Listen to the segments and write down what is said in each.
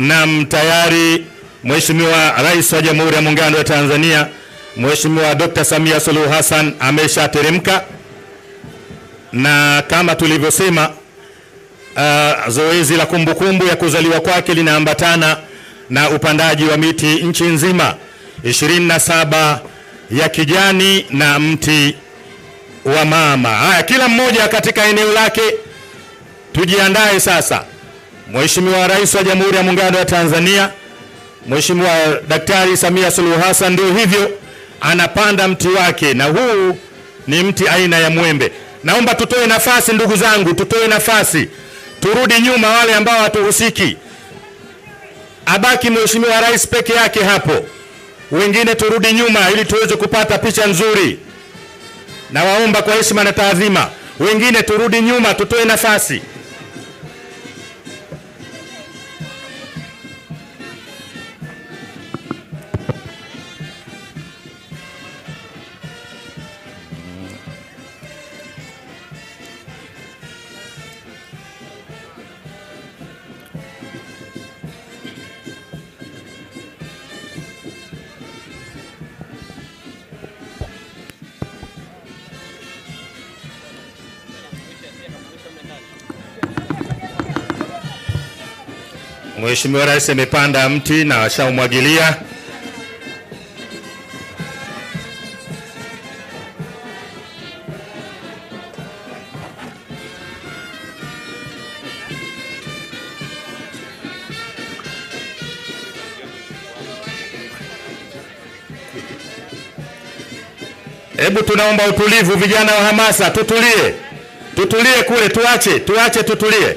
Naam, tayari Mheshimiwa Rais wa Jamhuri ya Muungano wa Tanzania Mheshimiwa Dr. Samia Suluhu Hassan ameshateremka, na kama tulivyosema, uh, zoezi la kumbukumbu ya kuzaliwa kwake linaambatana na upandaji wa miti nchi nzima 27 ya kijani na mti wa mama. Haya, kila mmoja katika eneo lake tujiandae sasa. Mheshimiwa Rais wa Jamhuri ya Muungano wa Tanzania, Mheshimiwa Daktari Samia Suluhu Hassan ndio hivyo anapanda mti wake, na huu ni mti aina ya mwembe. Naomba tutoe nafasi, ndugu zangu, tutoe nafasi, turudi nyuma wale ambao hatuhusiki. Abaki Mheshimiwa Rais peke yake hapo, wengine turudi nyuma ili tuweze kupata picha nzuri. Nawaomba kwa heshima na taadhima, wengine turudi nyuma, tutoe nafasi. Mheshimiwa Rais amepanda mti na ashaumwagilia. Hebu tunaomba utulivu, vijana wa hamasa, tutulie, tutulie kule, tuache, tuache, tutulie.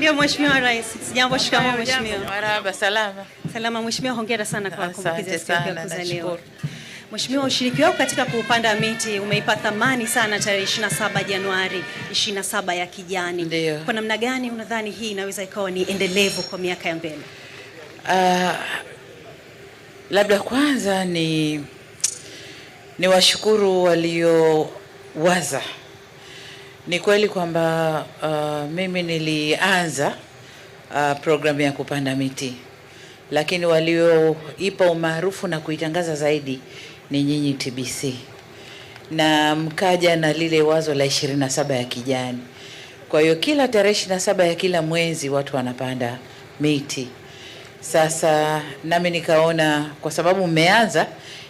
Ndio Mheshimiwa Rais. Sijambo, shikamoo Mheshimiwa. Marhaba, salama. Salama Mheshimiwa, hongera sana kwa kumbukizi ya siku ya kuzaliwa. Mheshimiwa, ushiriki wako katika kuupanda miti umeipa thamani sana tarehe 27 Januari 27 ya kijani. Ndiyo. Kwa namna gani unadhani hii inaweza ikawa ni endelevu kwa miaka ya mbele? Uh, labda kwanza ni ni washukuru waliowaza ni kweli kwamba uh, mimi nilianza uh, programu ya kupanda miti, lakini walioipa umaarufu na kuitangaza zaidi ni nyinyi TBC, na mkaja na lile wazo la 27 ya kijani. Kwa hiyo kila tarehe saba ya kila mwezi watu wanapanda miti. Sasa nami nikaona kwa sababu mmeanza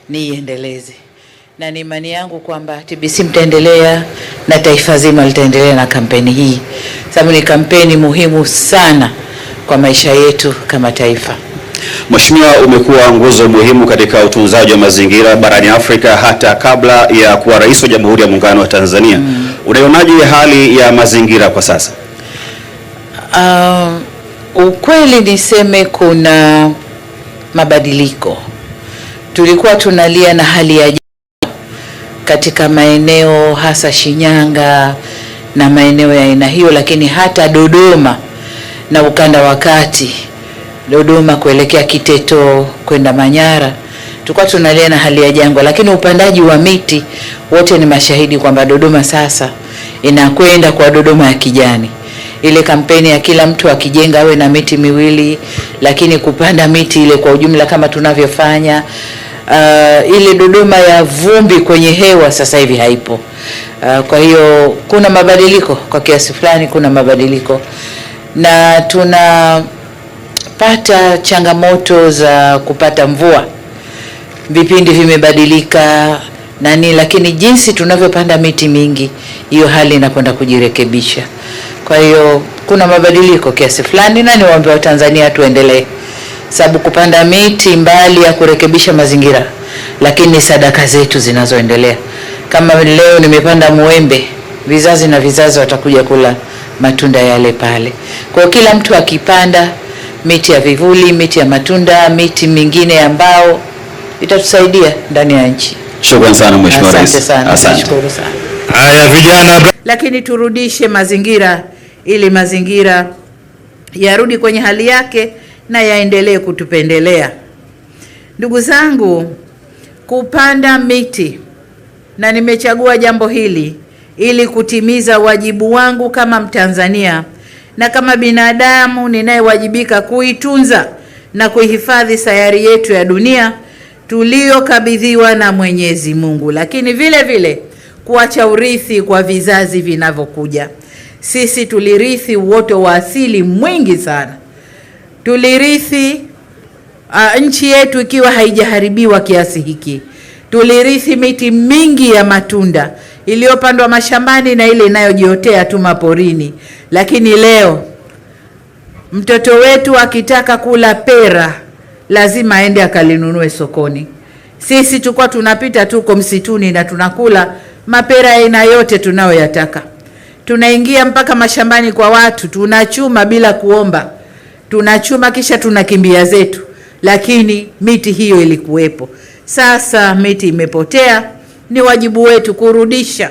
niiendeleze na ni imani yangu kwamba TBC mtaendelea na taifa zima litaendelea na kampeni hii, sababu ni kampeni muhimu sana kwa maisha yetu kama taifa. Mheshimiwa, umekuwa nguzo muhimu katika utunzaji wa mazingira barani Afrika hata kabla ya kuwa rais wa Jamhuri ya Muungano wa Tanzania. Mm. Unaionaje hali ya mazingira kwa sasa? Uh, ukweli niseme kuna mabadiliko. Tulikuwa tunalia na hali ya katika maeneo hasa Shinyanga na maeneo ya aina hiyo, lakini hata Dodoma na ukanda wa kati, Dodoma kuelekea Kiteto kwenda Manyara, tulikuwa tunalia na hali ya jangwa, lakini upandaji wa miti wote ni mashahidi kwamba Dodoma sasa inakwenda kwa Dodoma ya kijani. Ile kampeni ya kila mtu akijenga awe na miti miwili, lakini kupanda miti ile kwa ujumla kama tunavyofanya uh, ile Dodoma ya vumbi kwenye hewa sasa hivi haipo. Uh, kwa hiyo kuna mabadiliko kwa kiasi fulani, kuna mabadiliko na tunapata changamoto za kupata mvua, vipindi vimebadilika nani, lakini jinsi tunavyopanda miti mingi, hiyo hali inakwenda kujirekebisha. Kwa hiyo kuna mabadiliko kiasi fulani, na niwaombe Watanzania tuendelee sababu kupanda miti mbali ya kurekebisha mazingira, lakini sadaka zetu zinazoendelea. Kama leo nimepanda mwembe, vizazi na vizazi watakuja kula matunda yale pale. Kwa kila mtu akipanda miti ya vivuli, miti ya matunda, miti mingine mbao, itatusaidia ndani ya nchi. Shukrani sana Mheshimiwa Rais. Asante sana. Asante. Haya vijana, lakini turudishe mazingira ili mazingira yarudi kwenye hali yake na yaendelee kutupendelea. Ndugu zangu, kupanda miti, na nimechagua jambo hili ili kutimiza wajibu wangu kama Mtanzania na kama binadamu ninayewajibika kuitunza na kuihifadhi sayari yetu ya dunia tuliyokabidhiwa na Mwenyezi Mungu, lakini vile vile kuacha urithi kwa vizazi vinavyokuja. Sisi tulirithi uoto wa asili mwingi sana tulirithi uh, nchi yetu ikiwa haijaharibiwa kiasi hiki. Tulirithi miti mingi ya matunda iliyopandwa mashambani na ile inayojiotea tu maporini, lakini leo mtoto wetu akitaka kula pera lazima aende akalinunue sokoni. Sisi tulikuwa tunapita tuko msituni na tunakula mapera aina yote tunayoyataka, tunaingia mpaka mashambani kwa watu tunachuma bila kuomba tunachuma kisha tunakimbia zetu, lakini miti hiyo ilikuwepo. Sasa miti imepotea, ni wajibu wetu kurudisha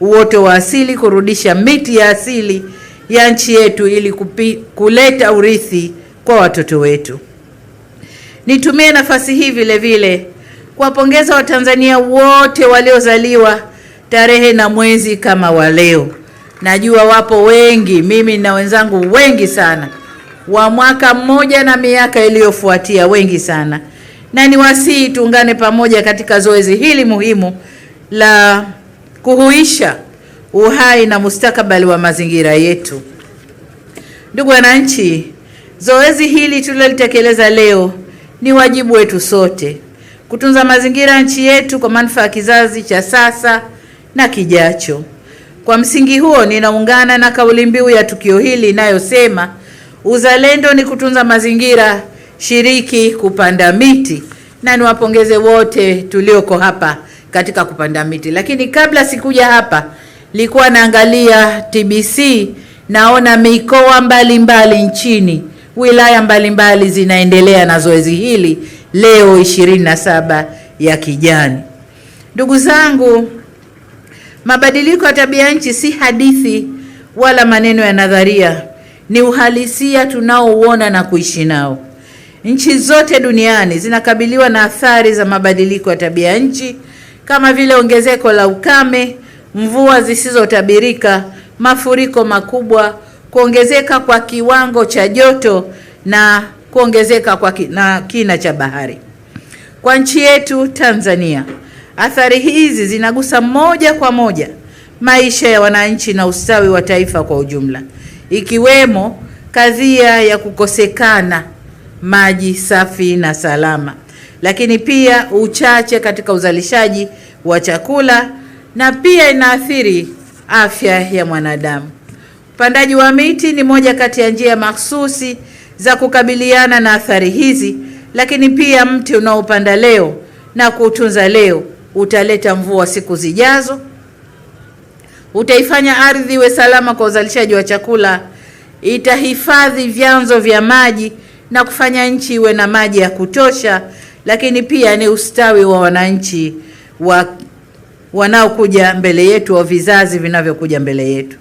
uoto wa asili, kurudisha miti ya asili ya nchi yetu ili kupi, kuleta urithi kwa watoto wetu. Nitumie nafasi hii vile vile kuwapongeza Watanzania wote waliozaliwa tarehe na mwezi kama wa leo. Najua wapo wengi, mimi na wenzangu wengi sana wa mwaka mmoja na miaka iliyofuatia wengi sana, na niwasihi tuungane pamoja katika zoezi hili muhimu la kuhuisha uhai na mustakabali wa mazingira yetu. Ndugu wananchi, zoezi hili tulilolitekeleza leo ni wajibu wetu sote kutunza mazingira nchi yetu kwa manufaa ya kizazi cha sasa na kijacho. Kwa msingi huo, ninaungana na kauli mbiu ya tukio hili inayosema Uzalendo ni kutunza mazingira, shiriki kupanda miti. Na niwapongeze wote tulioko hapa katika kupanda miti, lakini kabla sikuja hapa nilikuwa naangalia TBC, naona mikoa mbalimbali mbali nchini, wilaya mbalimbali mbali zinaendelea na zoezi hili leo 27 ya kijani. Ndugu zangu, mabadiliko ya tabia nchi si hadithi wala maneno ya nadharia ni uhalisia tunaouona na kuishi nao. Nchi zote duniani zinakabiliwa na athari za mabadiliko ya tabia ya nchi kama vile ongezeko la ukame, mvua zisizotabirika, mafuriko makubwa, kuongezeka kwa kiwango cha joto na kuongezeka kwa ki, na kina cha bahari. Kwa nchi yetu Tanzania, athari hizi zinagusa moja kwa moja maisha ya wananchi na ustawi wa taifa kwa ujumla ikiwemo kadhia ya kukosekana maji safi na salama, lakini pia uchache katika uzalishaji wa chakula na pia inaathiri afya ya mwanadamu. Upandaji wa miti ni moja kati ya njia mahsusi za kukabiliana na athari hizi, lakini pia mti unaopanda leo na kuutunza leo utaleta mvua siku zijazo utaifanya ardhi iwe salama kwa uzalishaji wa chakula, itahifadhi vyanzo vya maji na kufanya nchi iwe na maji ya kutosha, lakini pia ni ustawi wa wananchi wa wanaokuja mbele yetu au wa vizazi vinavyokuja mbele yetu.